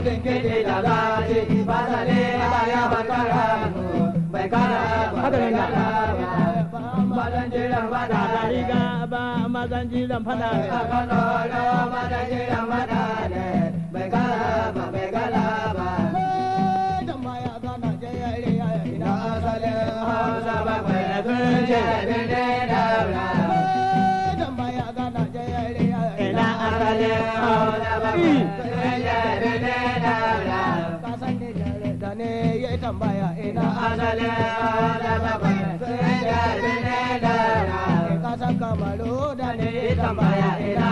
Maulin gidi da zaji ba zane ya ba kara bai kara ba da riga ba a kano no mazan bai kara ba bai kara ba ina asalin hausa ba kwaya sun da tambaya ina asalin da bakwai sai da bine da na kamaru da ne tambaya ina